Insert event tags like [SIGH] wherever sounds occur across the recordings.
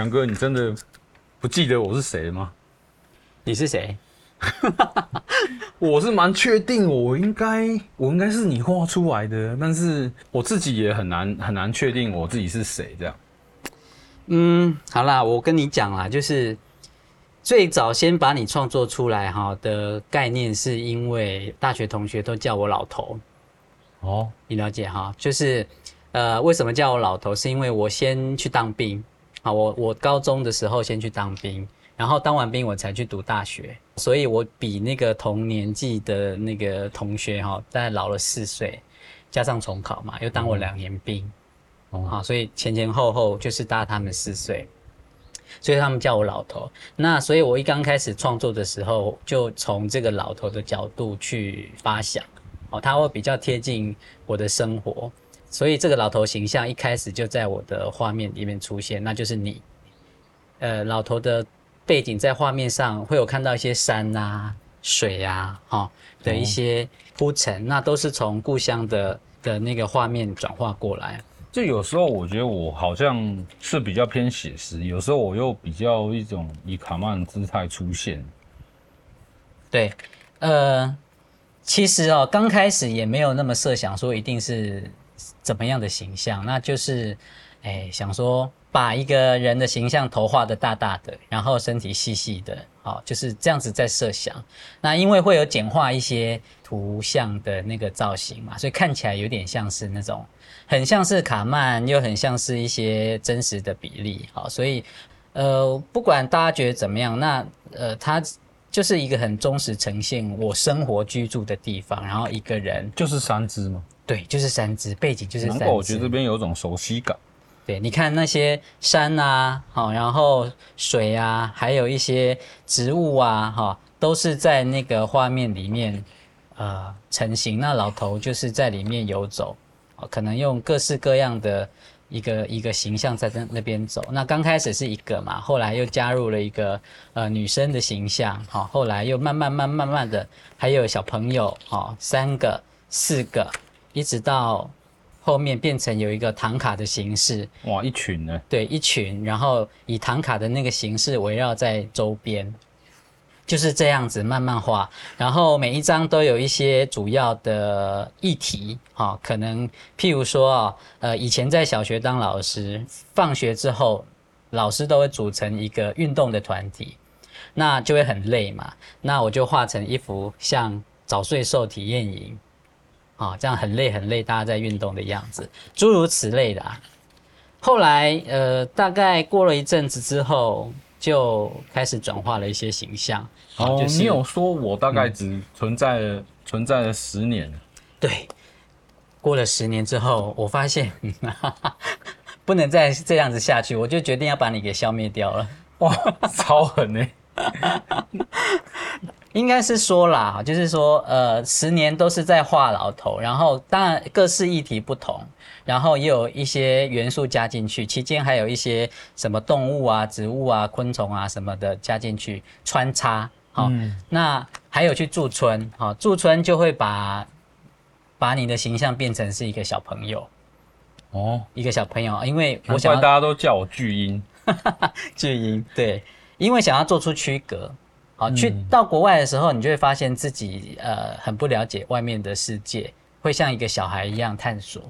強哥，你真的不記得我是誰了嗎？你是誰？ [LAUGHS] 我是蠻確定我，我應該我應該是你畫出來的，但是我自己也很難很難確定我自己是誰。這樣，嗯，好啦，我跟你講啦，就是最早先把你創作出來哈的概念，是因為大學同學都叫我老頭。哦，你了解哈？就是呃，為什麼叫我老頭？是因為我先去當兵。啊，我我高中的時候先去當兵，然後當完兵我才去讀大學，所以我比那個同年紀的那個同學哈，大概老了四歲，加上重考嘛，又當了兩年兵，哦、嗯，嗯、好，所以前前後後就是大他們四歲，所以他們叫我老頭。那所以我一剛開始創作的時候，就從這個老頭的角度去發想，哦、喔，他會比較貼近我的生活。所以這個老頭形象一開始就在我的畫面裡面出現，那就是你，呃，老頭的背景在畫面上會有看到一些山啊、水啊、哈的一些鋪陳，哦、那都是從故鄉的的那個畫面轉化過來。就有時候我覺得我好像是比較偏寫實，有時候我又比較一種以卡漫姿態出現。對，呃，其實哦，剛開始也沒有那麼設想說一定是。怎麼樣的形象？那就是，哎、欸，想說把一個人的形象頭畫得大大的，然後身體細細的，好、哦，就是這樣子在設想。那因為會有簡化一些圖像的那個造型嘛，所以看起來有點像是那種，很像是卡曼，又很像是一些真實的比例。好、哦，所以呃，不管大家覺得怎麼樣，那呃，它就是一個很忠實呈現我生活居住的地方，然後一個人就是三芝嘛。對，就是山姿，背景就是山姿。能夠我覺得這邊有一種熟悉感。對，你看那些山啊，哈、喔，然後水啊，還有一些植物啊，哈、喔，都是在那個畫面裡面，呃，成型。那老頭就是在裡面遊走，哦、喔，可能用各式各樣的一個一個形象在那那邊走。那剛開始是一個嘛，後來又加入了一個呃女生的形象，哈、喔，後來又慢慢慢慢慢，慢的還有小朋友，哈、喔，三個、四個。一直到後面變成有一個唐卡的形式，哇，一群呢、欸？對，一群，然後以唐卡的那個形式圍繞在周邊，就是這樣子慢慢畫。然後每一張都有一些主要的議題，哈、哦，可能譬如說啊，呃，以前在小學當老師，放學之後，老師都會組成一個運動的團體，那就會很累嘛，那我就畫成一幅像早睡瘦體驗營。啊，這樣很累很累，大家在運動的樣子，諸如此類的啊。後來，呃，大概過了一陣子之後，就開始轉化了一些形象。哦，就是，你有說我大概只存在了，嗯，存在了十年？對，過了十年之後，我發現，呵呵，不能再這樣子下去，我就決定要把你給消滅掉了。哇，超狠哎，欸！ [LAUGHS] 應該是說啦，就是說，呃，十年都是在畫老頭，然後當然各式議題不同，然後也有一些元素加進去，期間還有一些什麼動物啊、植物啊、昆蟲啊什麼的加進去穿插，哦嗯、那還有去駐村，哈、哦，駐村就會把把你的形象變成是一個小朋友，哦，一個小朋友，因為我想我管大家都叫我巨嬰， [LAUGHS] 巨嬰，對，因為想要做出區隔。好，去到國外的時候，你就會發現自己呃很不了解外面的世界，會像一個小孩一樣探索。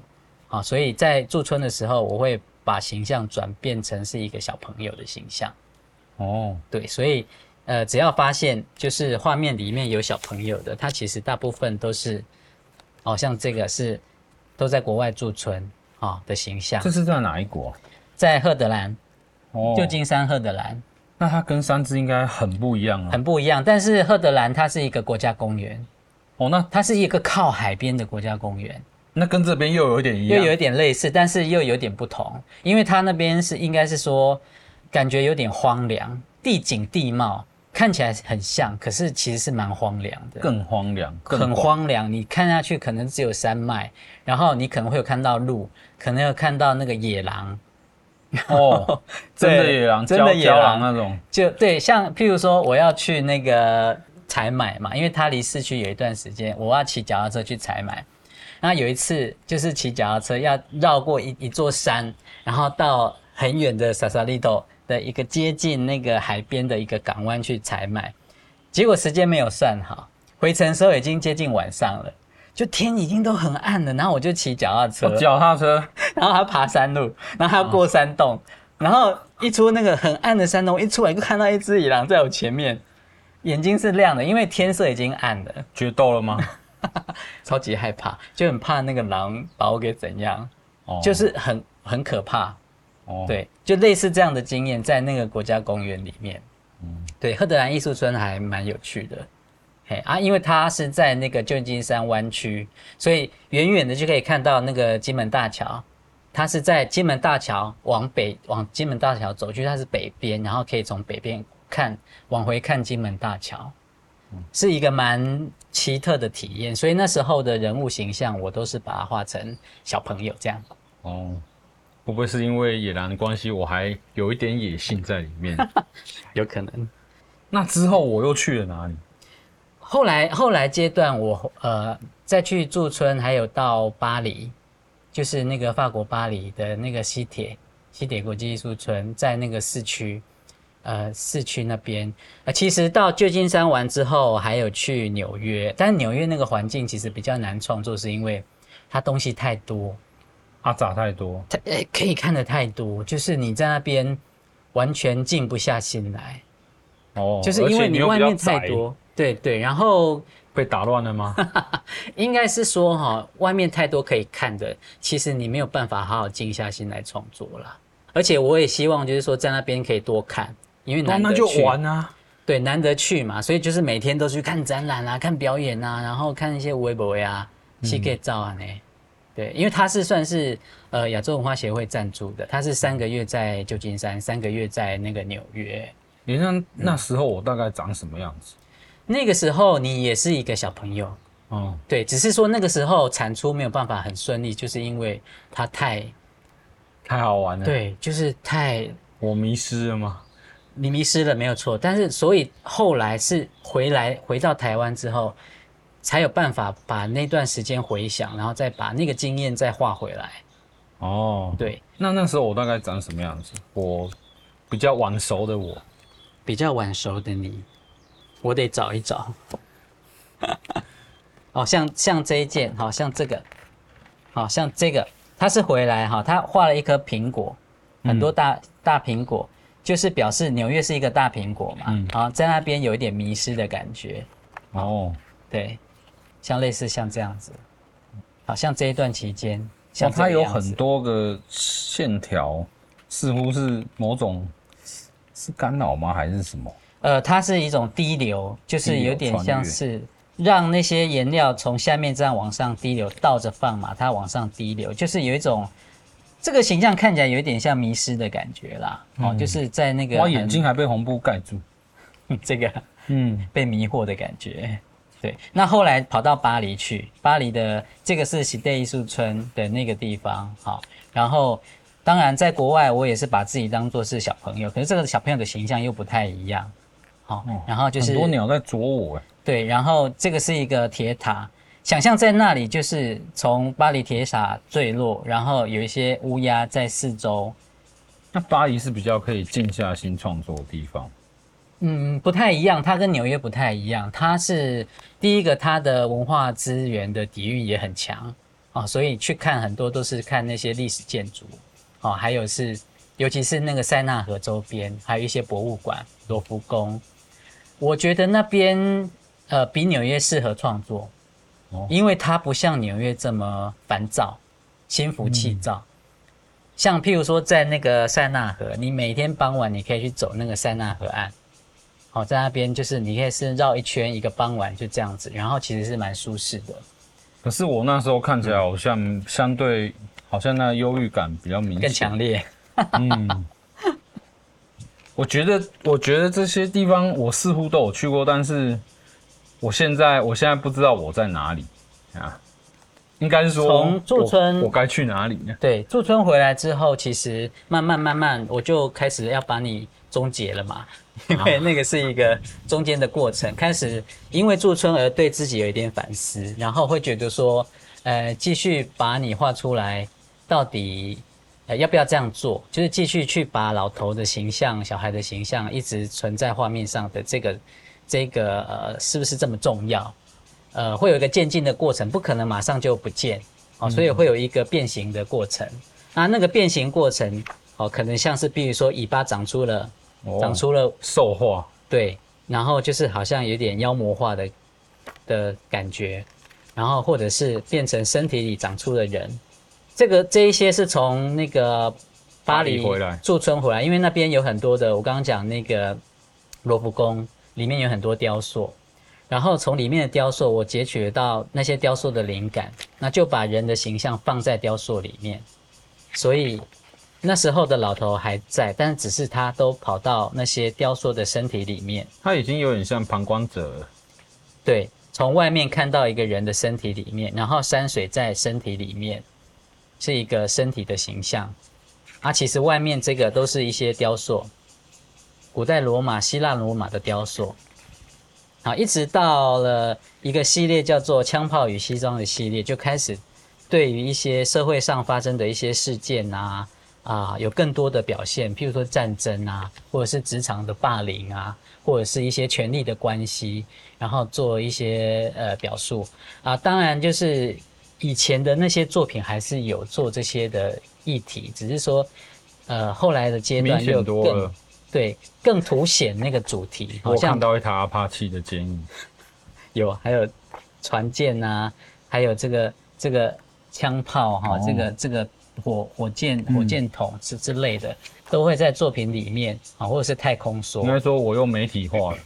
好、哦，所以在駐村的時候，我會把形象轉變成是一個小朋友的形象。哦，對，所以呃只要發現就是畫面裡面有小朋友的，它其實大部分都是，哦像這個是都在國外駐村啊、哦、的形象。這是在哪一國？在赫德蘭，哦，舊金山赫德蘭。那它跟三芝應該很不一樣啊，很不一樣。但是赫德蘭它是一個國家公園，哦，那它是一個靠海邊的國家公園。那跟這邊又有點一樣，又有點類似，但是又有點不同。因為它那邊是應該是說，感覺有點荒涼，地景地貌看起來很像，可是其實是蠻荒涼的，更荒涼，更很荒涼。你看下去可能只有山脈，然後你可能會有看到鹿，可能有看到那個野狼。然後哦，對真的野狼，真的野狼那種，就對，像譬如說我要去那個採買嘛，因為它離市區有一段時間，我要騎腳踏車去採買。然後有一次就是騎腳踏車要繞過一一座山，然後到很遠的薩薩利多的一個接近那個海邊的一個港灣去採買，結果時間沒有算好，回程的時候已經接近晚上了。就天已經都很暗了，然後我就騎腳踏車，腳踏車、哦、腳踏車， [LAUGHS] 然後還要爬山路，然後還要過山洞，哦、然後一出那個很暗的山洞，一出來就看到一隻野狼在我前面，眼睛是亮的，因為天色已經暗了。決鬥了嗎？ [LAUGHS] 超級害怕，就很怕那個狼把我給怎樣，哦、就是很很可怕。哦、對，就類似這樣的經驗，在那個國家公園裡面。嗯、對，赫德蘭藝術村還蠻有趣的。啊，因為它是在那個舊金山灣區，所以遠遠的就可以看到那個金門大橋。它是在金門大橋往北，往金門大橋走去，它是北邊，然後可以從北邊看，往回看金門大橋，嗯、是一個蠻奇特的體驗。所以那時候的人物形象，我都是把它畫成小朋友這樣。哦，會不會是因為野狼的關係，我還有一點野性在裡面？ [LAUGHS] 有可能。那之後我又去了哪裡？後來後來階段我，我呃再去駐村，還有到巴黎，就是那個法國巴黎的那個西鐵西鐵國際藝術村，在那個市區，呃市區那邊、呃。其實到舊金山玩之後，還有去紐約，但紐約那個環境其實比較難創作，是因為它東西太多，它雜、啊、太多，它呃、欸、可以看得太多，就是你在那邊完全靜不下心來，哦，就是因為你外面太多。對對，然後被打亂了嗎？ [LAUGHS] 應該是說哈、哦，外面太多可以看的，其實你沒有辦法好好靜下心來創作了。而且我也希望就是說，在那邊可以多看，因為難得去。得、哦、就玩啊，對，難得去嘛，所以就是每天都去看展覽啦、啊，看表演啦、啊，然後看一些微博呀、氣概照啊那。對，因為他是算是呃亞洲文化協會贊助的，他是三個月在舊金山，三個月在那個紐約。你那那時候我大概長什麼樣子？嗯那個時候你也是一個小朋友，哦，對，只是說那個時候產出沒有辦法很順利，就是因為它太太好玩了，對，就是太，我迷失了嗎？你迷失了，沒有錯。但是所以後來是回來回到台灣之後，才有辦法把那段時間回想，然後再把那個經驗再畫回來。哦，對。那那時候我大概長什麼樣子？我比較晚熟的我，比較晚熟的你。我得找一找， [LAUGHS] 哦，像像這一件，好、哦、像這個，好、哦、像這個，他是回來哈，他、哦、畫了一顆蘋果，嗯、很多大大蘋果，就是表示紐約是一個大蘋果嘛，好、嗯哦、在那邊有一點迷失的感覺，哦，哦對，像類似像這樣子，好、嗯哦、像這一段期間，像、哦、它有很多個線條，似乎是某種，是干擾嗎？還是什麼？呃，它是一種滴流，就是有點像是讓那些顏料從下面這樣往上滴流，倒着放嘛，它往上滴流，就是有一種這個形象看起來有點像迷失的感覺啦。嗯、哦，就是在那個我眼睛還被紅布蓋住，這個嗯，被迷惑的感覺。對，那後來跑到巴黎去，巴黎的這個是西帖藝術村的那個地方。好、哦，然後當然在國外，我也是把自己當做是小朋友，可是這個小朋友的形象又不太一樣。哦，然後就是很多鳥在啄我哎。對，然後這個是一個鐵塔，想象在那裡就是從巴黎鐵塔墜落，然後有一些烏鴉在四周。那巴黎是比較可以靜下心創作的地方。嗯，不太一樣，它跟紐約不太一樣。它是第一個，它的文化資源的底蘊也很強哦，所以去看很多都是看那些歷史建築哦，還有是尤其是那個塞納河周邊，還有一些博物館，羅浮宮。我覺得那邊呃比紐約適合創作，哦、因為它不像紐約這麼煩躁、心浮氣躁。嗯、像譬如說在那個塞納河，你每天傍晚你可以去走那個塞納河岸，好、哦、在那邊就是你可以是繞一圈，一個傍晚就這樣子，然後其實是蠻舒適的。可是我那時候看起來好像、嗯、相對好像那憂鬱感比較明顯，更強烈。 [LAUGHS] 嗯。我覺得，我覺得這些地方我似乎都有去過，但是我現在，我現在不知道我在哪裡啊。應該是說，從駐村，我該去哪裡呢？對，駐村回來之後，其實慢慢慢慢，我就開始要把你終結了嘛，啊、因為那個是一個中間的過程，開始因為駐村而對自己有一點反思，然後會覺得說，呃，繼續把你畫出來，到底。要不要這樣做？就是繼續去把老頭的形象，小孩的形象一直存在畫面上的這個、這個呃，是不是這麼重要？呃，會有一個漸進的過程，不可能馬上就不見哦，所以會有一個變形的過程。嗯、那那個變形過程哦，可能像是，比如說尾巴長出了，長出了獸化、哦，對，然後就是好像有點妖魔化的的感覺，然後或者是變成身體裡長出了人。這個這一些是從那個巴黎，巴黎回來，駐村回來，因為那邊有很多的，我剛剛講那個羅浮宮裡面有很多雕塑，然後從裡面的雕塑，我截取得到那些雕塑的靈感，那就把人的形象放在雕塑裡面。所以那時候的老頭還在，但是只是他都跑到那些雕塑的身體裡面。他已經有點像旁觀者了，對，從外面看到一個人的身體裡面，然後山水在身體裡面。是一個身體的形象，啊，其實外面這個都是一些雕塑，古代羅馬、希臘羅馬的雕塑，啊，一直到了一個系列叫做《槍炮與西裝》的系列，就開始對於一些社會上發生的一些事件啊啊，有更多的表現，譬如說戰爭啊，或者是職場的霸凌啊，或者是一些權力的關係，然後做一些呃表述啊，當然就是。以前的那些作品還是有做這些的議題，只是說，呃，後來的階段又更對更凸顯那個主題。我看到一台阿帕奇的剪影，有還有船艦啊，還有這個這個槍炮哈，這個、啊哦這個、這個火火箭火箭筒之之類的，嗯、都會在作品裡面啊，或者是太空梭。應該說，我用媒體化了。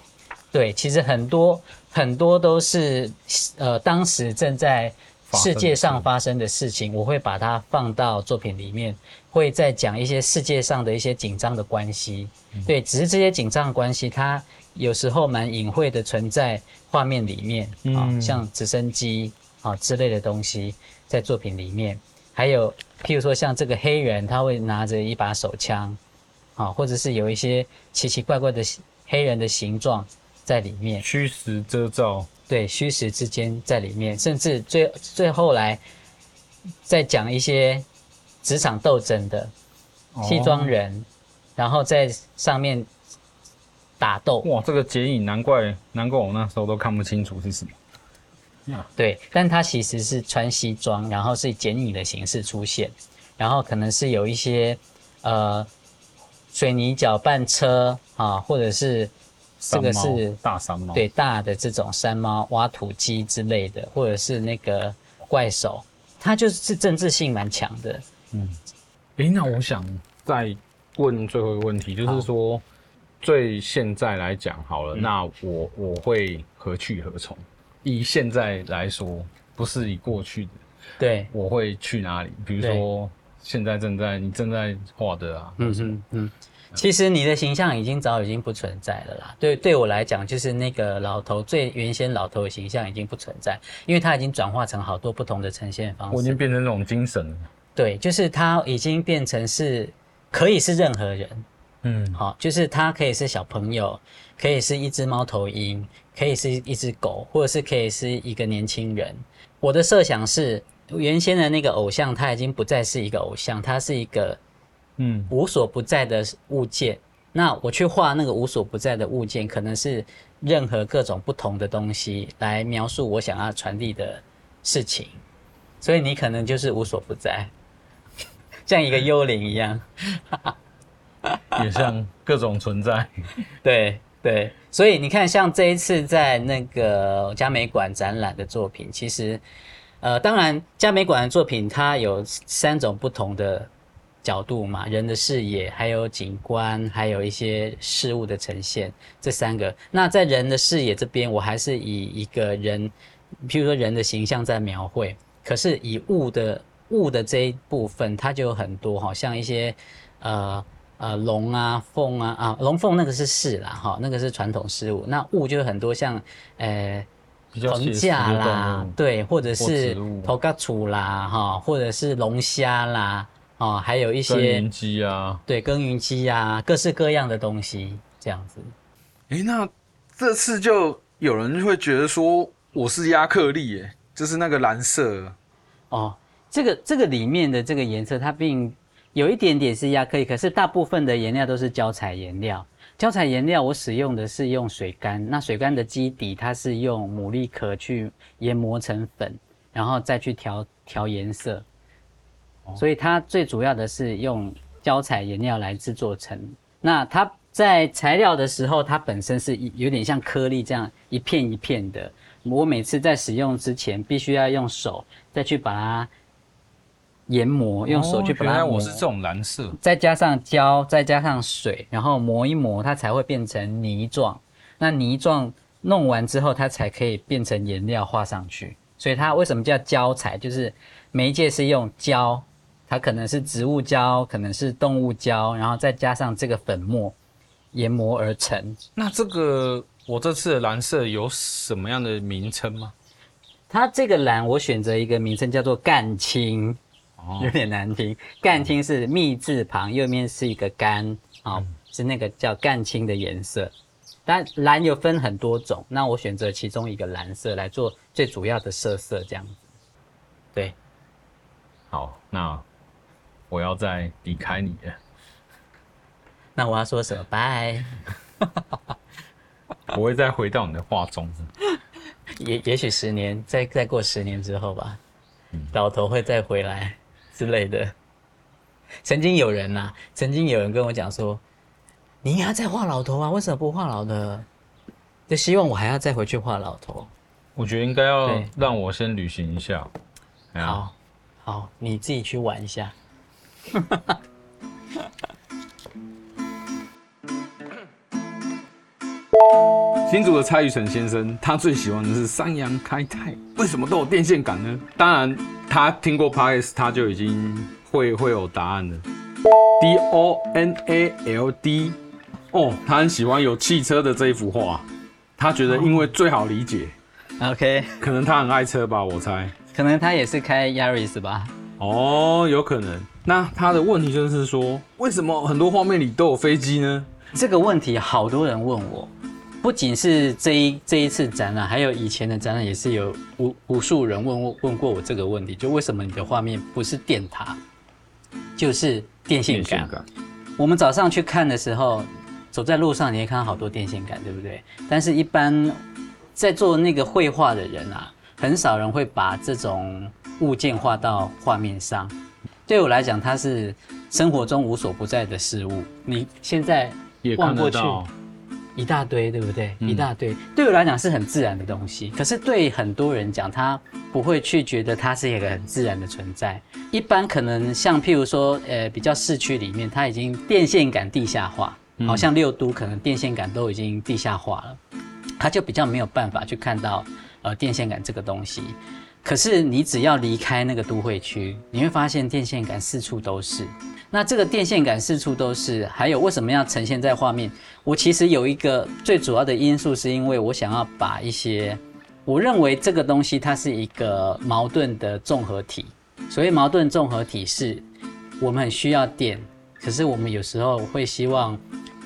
對，其實很多很多都是呃，當時正在。世界上發生的事情，我會把它放到作品裡面，會再講一些世界上的一些緊張的關係。嗯、對，只是這些緊張關係，它有時候蠻隱晦的存在畫面裡面啊、嗯哦，像直升機啊、哦、之類的東西在作品裡面，還有譬如說像這個黑人，他會拿着一把手槍啊、哦，或者是有一些奇奇怪怪的黑人的形狀在裡面，虛實遮罩。對，虛實之間在裡面，甚至最最後來再講一些職場鬥爭的、哦、西裝人，然後在上面打鬥。哇，這個剪影難怪難怪我那時候都看不清楚是什麼。對，但它其實是穿西裝，然後是剪影的形式出現，然後可能是有一些呃水泥攪拌車啊，或者是。這個是大山貓，對大的這種山貓、挖土機之類的，或者是那個怪手，它就是政治性蠻強的。嗯，哎、欸，那我想再問最後一個問題，好就是說，最現在來講好了，嗯、那我我會何去何從？以現在來說，不是以過去的，對，我會去哪裡？比如說，對現在正在你正在畫的啊，嗯哼，嗯。其實你的形象已經早已經不存在了啦。對，對我來講，就是那個老頭最原先老頭的形象已經不存在，因為他已經轉化成好多不同的呈現方式。我已經變成那種精神了。對，就是他已經變成是，可以是任何人。嗯，好，就是他可以是小朋友，可以是一只貓頭鷹，可以是一只狗，或者是可以是一個年輕人。我的設想是，原先的那個偶像，他已經不再是一個偶像，他是一個。嗯，無所不在的物件。那我去畫那個無所不在的物件，可能是任何各種不同的東西來描述我想要傳遞的事情。所以你可能就是無所不在， [LAUGHS] 像一個幽靈一樣， [LAUGHS] 也像各種存在。 [LAUGHS] [LAUGHS] 對對，所以你看，像這一次在那個嘉美館展覽的作品，其實呃，當然嘉美館的作品它，有三種不同的。角度嘛，人的視野，還有景觀，還有一些事物的呈現，這三個。那在人的視野這邊，我還是以一個人，譬如說人的形象在描繪。可是以物的物的這一部分，它就有很多，哦、像一些呃呃龍啊、鳳啊啊，龍、啊、鳳那個是事啦，哈、哦，那個是傳統事物。那物就是很多像呃，橫架啦，對，或者是頭甲楚啦，哈、哦，或者是龍蝦啦。哦，還有一些耕耘機啊，對，耕耘機呀，各式各樣的東西這樣子。誒、欸，那這次就有人會覺得說我是壓克力，耶，就是那個藍色。哦，這個這個裡面的這個顏色，它並有一點點是壓克力，可是大部分的顏料都是膠彩顏料。膠彩顏料我使用的是用水干，那水干的基底它是用牡蠣殼去研磨成粉，然後再去調調顏色。所以它最主要的是用膠彩顏料來製作成。那它在材料的時候，它本身是有點像顆粒這樣一片一片的。我每次在使用之前，必須要用手再去把它研磨，用手去把它磨。原來我是這種藍色。再加上膠，再加上水，然後磨一磨，它才會變成泥狀。那泥狀弄完之後，它才可以變成顏料畫上去。所以它為什麼叫膠彩？就是媒介是用膠。.它可能是植物膠，可能是動物膠，然後再加上這個粉末研磨而成。那這個我這次的藍色有什麼樣的名稱嗎？它這個藍，我選擇一個名稱叫做“紺青”，哦，有點難聽。“紺青”是“糸字旁”，右面是一個“甘”，哦，嗯、是那個叫“紺青”的顏色。但藍有分很多種，那我選擇其中一個藍色來做最主要的色色，這樣子，對，好，那。我要再離開你了，那我要說什麼？拜！我 [LAUGHS] 會再回到你的畫中是是， [LAUGHS] 也，也也許十年，再再過十年之後吧，嗯、老頭會再回來之類的。曾經有人吶、啊，曾經有人跟我講說，你應該再畫老頭啊，為什麼不畫老呢？就希望我還要再回去畫老頭。我覺得應該要讓我先旅行一下，對哎、呀好好，你自己去玩一下。哈哈哈。 [LAUGHS] 新竹的蔡宇成先生，他最喜歡的是《三陽開泰》，為什麼都有電線桿呢？當然，他聽過 Podcast，他就已經會會有答案了。Donald，哦，他很喜歡有汽車的這一幅畫，他覺得因為最好理解。OK，可能他很愛車吧，我猜。可能他也是開 Yaris 吧。哦，有可能。那他的問題就是說，為什麼很多畫面裡都有飛機呢？這個問題好多人問我，不僅是這一這一次展覽，還有以前的展覽也是有無無數人問我問過我這個問題，就為什麼你的畫面不是電塔，就是電線桿？我們早上去看的時候，走在路上你會看到好多電線桿，對不對？但是，一般在做那個繪畫的人啊，很少人會把這種。物件畫到畫面上，對我來講，它是生活中無所不在的事物。你現在望過去，一大堆，對不對？嗯、一大堆，對我來講是很自然的東西。可是對很多人講，他不會去覺得它是一個很自然的存在。嗯、一般可能像譬如說，呃，比較市區裡面，它已經電線桿地下化，好像六都可能電線桿都已經地下化了，他、嗯、就比較沒有辦法去看到呃電線桿這個東西。可是你只要離開那個都會區，你會發現電線桿四處都是。那這個電線桿四處都是，還有為什麼要呈現在畫面？我其實有一個最主要的因素，是因為我想要把一些我認為這個東西它是一個矛盾的綜合體。所謂矛盾綜合體是，我們很需要電，可是我們有時候會希望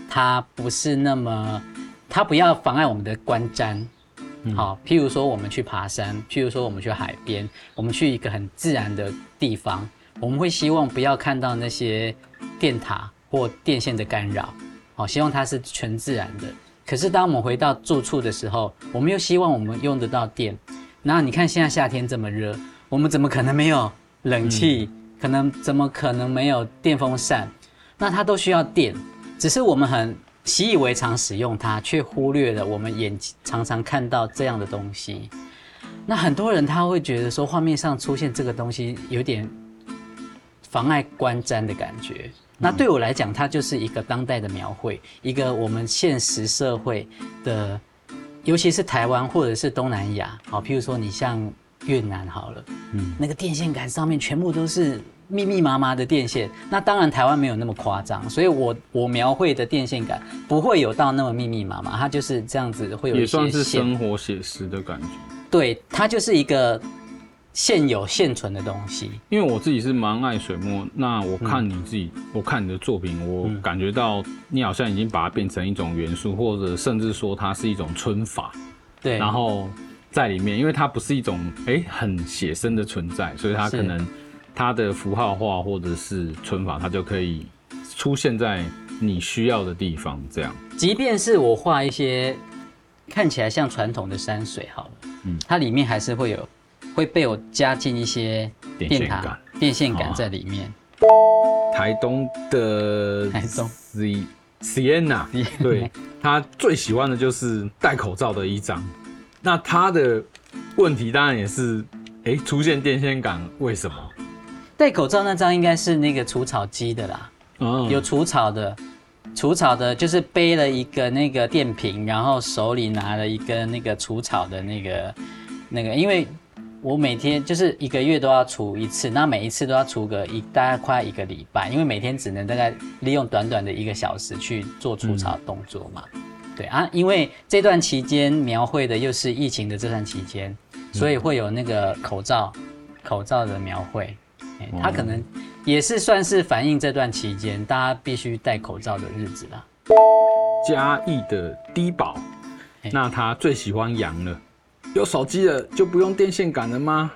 它不是那麼，它不要妨礙我們的觀瞻。好，譬如說我們去爬山，譬如說我們去海邊，我們去一個很自然的地方，我們會希望不要看到那些電塔或電線的干擾，好，希望它是全自然的。可是當我們回到住處的時候，我們又希望我們用得到電。那你看現在夏天這麼熱，我們怎麼可能沒有冷氣？嗯、可能怎麼可能沒有電風扇？那它都需要電，只是我們很習以為常使用它，卻忽略了我們眼睛常常看到這樣的東西。那很多人他會覺得說，畫面上出現這個東西有點妨礙觀瞻的感覺。嗯、那對我來講，它就是一個當代的描繪，一個我們現實社會的，尤其是台灣或者是東南亞。好、哦，譬如說你像越南好了，嗯，那個電線桿上面全部都是。密密麻麻的電線，那當然台灣沒有那麼誇張，所以我我描繪的電線桿不會有到那麼密密麻麻，它就是這樣子會有一些。也算是生活寫實的感覺。對，它就是一個現有現存的東西。因為我自己是蠻愛水墨，那我看你自己，嗯、我看你的作品，我感覺到你好像已經把它變成一種元素，嗯、或者甚至說它是一種皴法。對。然後在裡面，因為它不是一種哎、欸、很寫生的存在，所以它可能。它的符號化或者是存法，它就可以出現在你需要的地方。這樣，即便是我畫一些看起來像傳統的山水，好了，嗯，它裡面還是會有會被我加進一些電線桿、電線桿在裡面。啊、台東的台東 c C N N 啊， Sienna, [LAUGHS] 對，他最喜歡的就是戴口罩的一張。那他的問題當然也是，哎、欸，出現電線桿為什麼？戴口罩那張應該是那個除草機的啦，嗯嗯有除草的，除草的，就是背了一個那個電瓶，然後手裡拿了一根那個除草的那個那個，因為我每天就是一個月都要除一次，那每一次都要除個一大概快一個禮拜，因為每天只能大概利用短短的一個小時去做除草動作嘛，嗯、對啊，因為這段期間描繪的又是疫情的這段期間，所以會有那個口罩、嗯、口罩的描繪。欸、他可能也是算是反映這段期間大家必須戴口罩的日子了。嘉義的低保，欸、那他最喜歡羊了。有手機了就不用電線桿了嗎？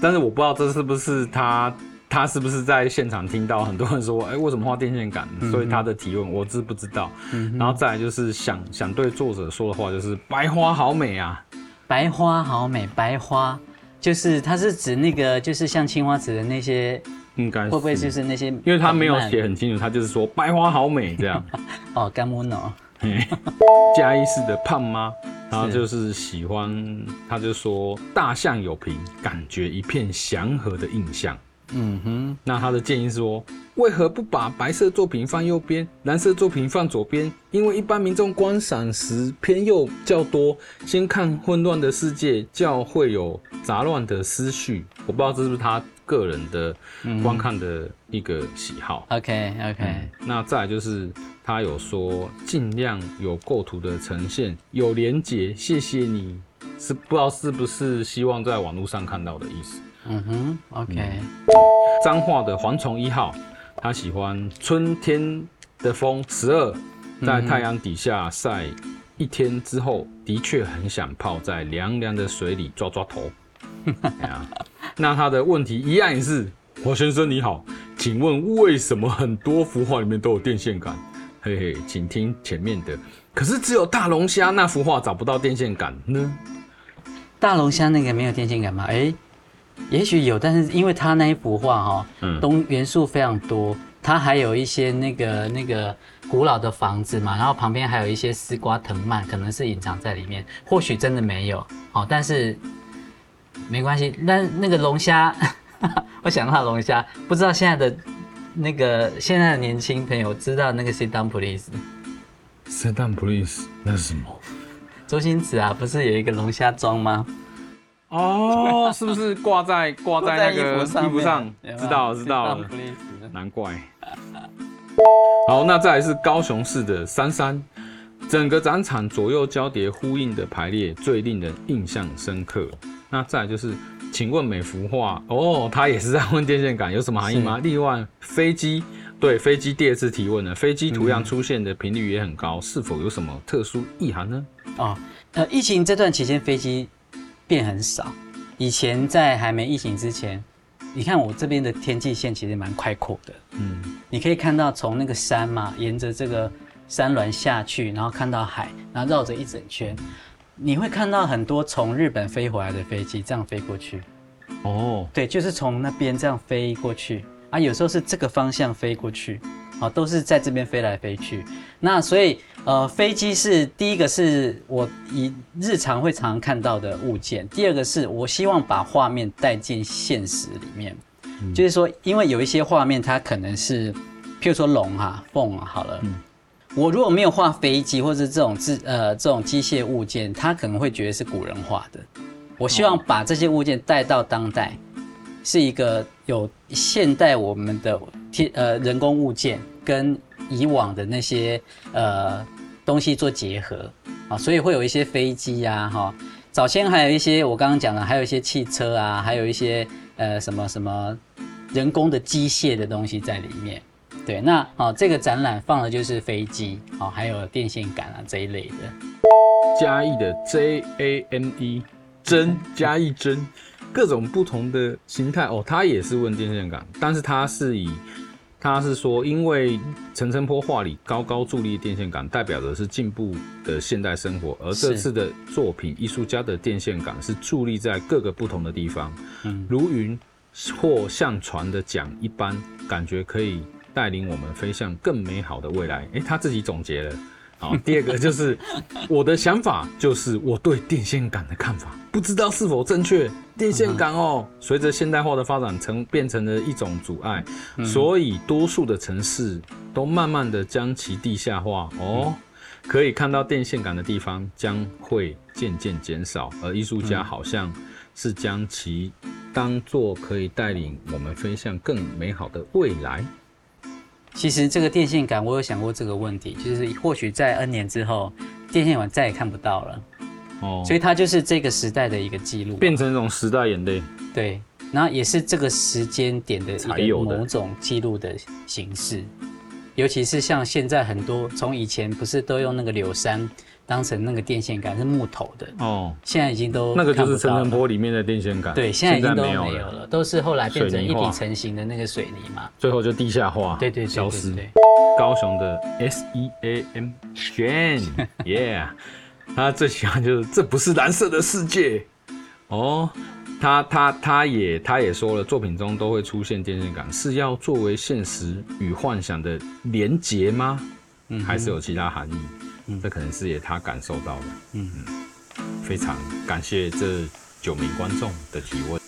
但是我不知道這是不是他，他是不是在現場聽到很多人說，哎，為什麼畫電線桿呢？嗯哼嗯，所以他的提問我知不知道？嗯哼嗯、然後再來就是想想對作者說的話，就是白花好美啊，白花好美，白花。就是它是指那個，就是像青花瓷的那些，應該會不會就是那些？因為他沒有寫很清楚，他就是說百花好美這樣。 [LAUGHS] 哦，干溫哦。嘉義市的胖媽，她就是喜歡，她就說大象有皮，感覺一片祥和的印象。嗯哼，那他的建議是說，為何不把白色作品放右邊，藍色作品放左邊？因為一般民眾觀賞時偏右較多，先看混亂的世界，較會有雜亂的思緒。我不知道這是不是他個人的觀看的一個喜好。嗯，OK OK，嗯，那再來就是他有說盡量有構圖的呈現，有連結。謝謝你，是不知道是不是希望在網絡上看到的意思。嗯哼，OK。彰化、嗯、的蝗蟲一號，他喜歡春天的風。十二在太陽底下曬一天之後，的確很想泡在涼涼的水裡抓抓頭。 [LAUGHS] 嗯、那他的問題一樣也是，華先生你好，請問為什麼很多幅畫裡面都有電線杆？嘿嘿，請聽前面的。可是只有大龍蝦那幅畫找不到電線杆呢。大龍蝦那個沒有電線杆嗎？哎、欸。也許有，但是因為他那一幅畫哦，嗯、東元素非常多，它還有一些那個那個古老的房子嘛，然後旁邊還有一些絲瓜藤蔓，可能是隱藏在裡面，或許真的沒有，好、哦，但是沒關係。那那個龍蝦， [LAUGHS] 我想到龍蝦，不知道現在的那個現在的年輕朋友知道那個 sit down please sit down please 那是什麼？周星馳啊，不是有一個龍蝦莊嗎？哦，是不是掛在掛在那個在衣服，衣服上？有有，知道了，知道了，是是，難怪。啊啊、好，那再來是高雄市的三三，整個展場左右交疊呼應的排列最令人印象深刻。那再來就是，請問每幅畫哦，他也是在問電線桿有什麼含義嗎？是另外，飛機對飛機，第二次提問了，飛機圖樣出現的頻率也很高，嗯、是否有什麼特殊意涵呢？啊、哦，呃，疫情這段期間飛機。變很少，以前在還沒疫情之前，你看我這邊的天際線其實蠻開闊的，嗯，你可以看到從那個山嘛，沿着這個山巒下去，然後看到海，然後繞着一整圈，你會看到很多從日本飛回來的飛機這樣飛過去，哦，oh. 對，就是從那邊這樣飛過去，啊，有時候是這個方向飛過去。都是在這邊飛來飛去。那所以，呃，飛機是第一個是我以日常會常常看到的物件。第二個是我希望把畫面帶進現實裡面，嗯、就是說，因為有一些畫面它可能是，譬如說龍啊、鳳啊，好了，嗯、我如果沒有畫飛機或者是這種機呃這種機械物件，他可能會覺得是古人畫的。我希望把這些物件帶到當代。哦是一個有現代我們的天呃人工物件跟以往的那些呃東西做結合啊、哦，所以會有一些飛機呀、啊、哈、哦，早先還有一些我剛剛講的，還有一些汽車啊，還有一些呃什麼什麼人工的機械的東西在裡面。對，那好、哦，這個展覽放的就是飛機，好、哦，還有電線桿啊這一類的。嘉義的 J A N E，針嘉義針。 [LAUGHS] 各種不同的形態哦，他也是問電線杆，但是他是以，他是說，因為陳澄波畫裡高高矗立的電線杆代表的是進步的現代生活，而這次的作品，是藝術家的電線杆是矗立在各個不同的地方，嗯，如雲或像船的槳一般，感覺可以帶領我們飛向更美好的未來。誒，他自己總結了。好，第二個就是我的想法，就是我對電線桿的看法，不知道是否正確。電線桿哦，隨着現代化的發展，成變成了一種阻礙，所以多數的城市都慢慢的將其地下化哦。可以看到電線桿的地方將會漸漸減少，而藝術家好像是將其當做可以帶領我們飛向更美好的未來。其實這個電線桿，我有想過這個問題，就是或許在 N 年之後，電線桿再也看不到了。哦，所以它就是這個時代的一個記錄，變成一種時代眼淚。對，然後也是這個時間點的一個某種記錄的形式。尤其是像現在很多，從以前不是都用那個柳杉當成那個電線桿，是木頭的哦。現在已經都那個就是層板坡裡面的電線桿，對，現在已經都沒有了，都是後來變成一體成型的那個水泥嘛。最後就地下化，對對消失。高雄的 S E A M 勇炫，Yeah，他最喜歡就是這不是藍色的世界哦。他他他也他也說了，作品中都會出現電線桿，是要作為現實與幻想的連結嗎？嗯哼，還是有其他含義？嗯哼，這可能是也他感受到的。嗯，哼嗯，非常感謝這九名觀眾的提問。